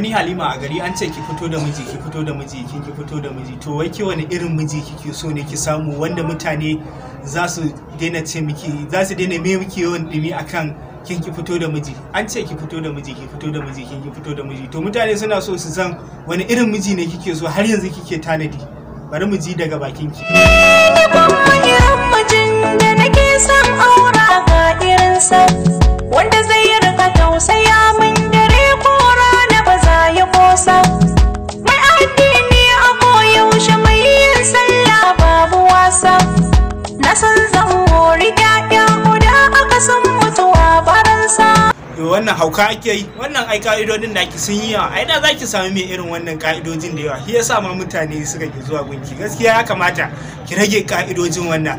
Wani halima a gari an ce ki fito da miji ki fito da miji ki ki fito da miji to wai ki wani irin miji kike so ne ki samu wanda mutane za su daina ce miki za su daina me miki yawan dumi akan kin ki fito da miji an ce ki fito da miji ki fito da miji kin ki fito da miji to mutane suna so su san wani irin miji ne kike so har yanzu kike tanadi bari mu ji daga bakin ki Eh, wannan hauka ake yi wannan ai ka'idodin da ake sun yi yawa ina za ki samu mai irin wannan ka'idojin da yawa shi yasa ma mutane suka ke zuwa gunki gaskiya ya kamata ki rage ka'idojin wannan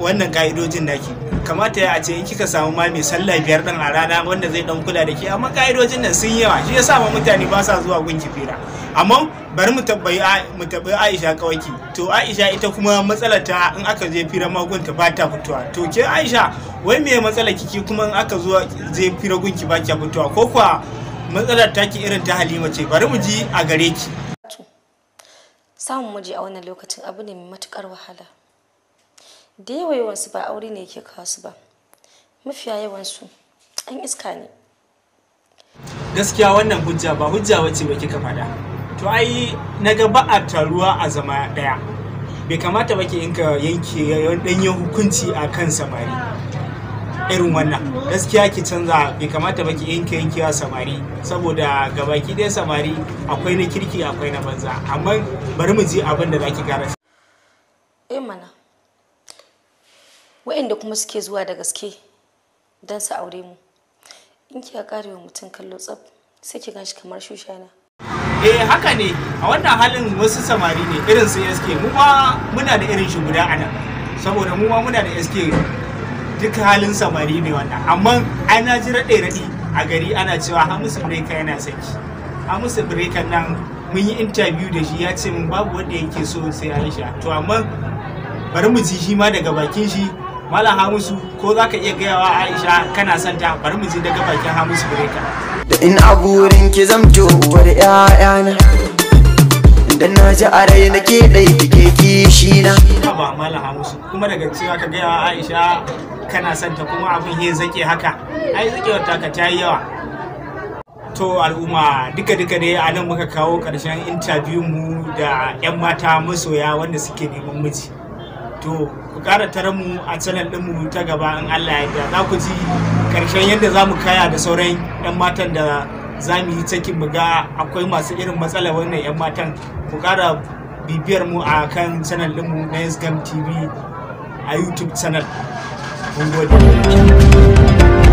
wannan ka'idojin da ake kamata ya ce in kika samu ma mai sallah biyar din a rana wanda zai dan kula da ke amma ka'idojin nan sun yawa shi yasa ma mutane ba sa zuwa gunki fira amma bari mu tabbai mu tabbai Aisha kawaki to Aisha ita kuma matsalar ta in aka je fira magunta ba ta fitowa to ke Aisha wai me matsalar kiki kuma in aka zuwa je fira gunki ba ta fitowa ko kuwa matsalar taki irin ta Halima ce bari mu ji a gare ki samun muji a wannan lokacin abu ne mai matukar wahala da yawa yawansu ba aure ne ke kawo ba mafiya yawansu an iska ne gaskiya wannan hujja ba hujja wace ba kika fada to ai na ba a taruwa a zama ɗaya bai kamata ba ke inka yanke hukunci a kan samari irin wannan gaskiya ki canza bai kamata ba ki yanke yankewa samari saboda gabaki dai samari akwai na kirki akwai na banza amma bari mu ji abin da za ki gara eh mana waɗanda kuma suke zuwa da gaske don su aure mu in kika kare wa mutum kallo tsab sai ki ganshi kamar shushana eh haka ne a wannan halin wasu samari ne irin su SK mu ma muna da irin shi guda ana saboda mu ma muna da SK duka halin samari ne wannan amma ai na ji raɗe raɗi a gari ana cewa Hamisu Breka yana saki Hamisu Breka nan mun yi interview da shi ya ce mun babu wanda yake so sai Aisha to amma bari mu ji shi ma daga bakin shi Malam Hamisu ko za ka iya gayawa Aisha kana son ta bari mu ji daga bakin Hamisu ka. Da in a ki zamto uwar ƴaƴana. Da na ji a rai na ke ɗai kike kishi na. Ba Malam Hamisu kuma daga cewa ka gayawa Aisha kana son ta kuma abin he zake haka. Ai zakewar taka ta yawa. To al'umma duka-duka dai a nan muka kawo ƙarshen intabiyu mu da 'yan mata masoya wanda suke neman miji. to ku kara tare mu a channel ɗinmu ta gaba in Allah ya za ku ji karshen yadda za mu kaya da sauran 'yan matan da za mu yi cikin mu ga akwai masu irin matsalar wannan 'yan matan ku ƙara bibiyar mu a kan channel ɗinmu na Instagram TV a YouTube channel. Mun gode.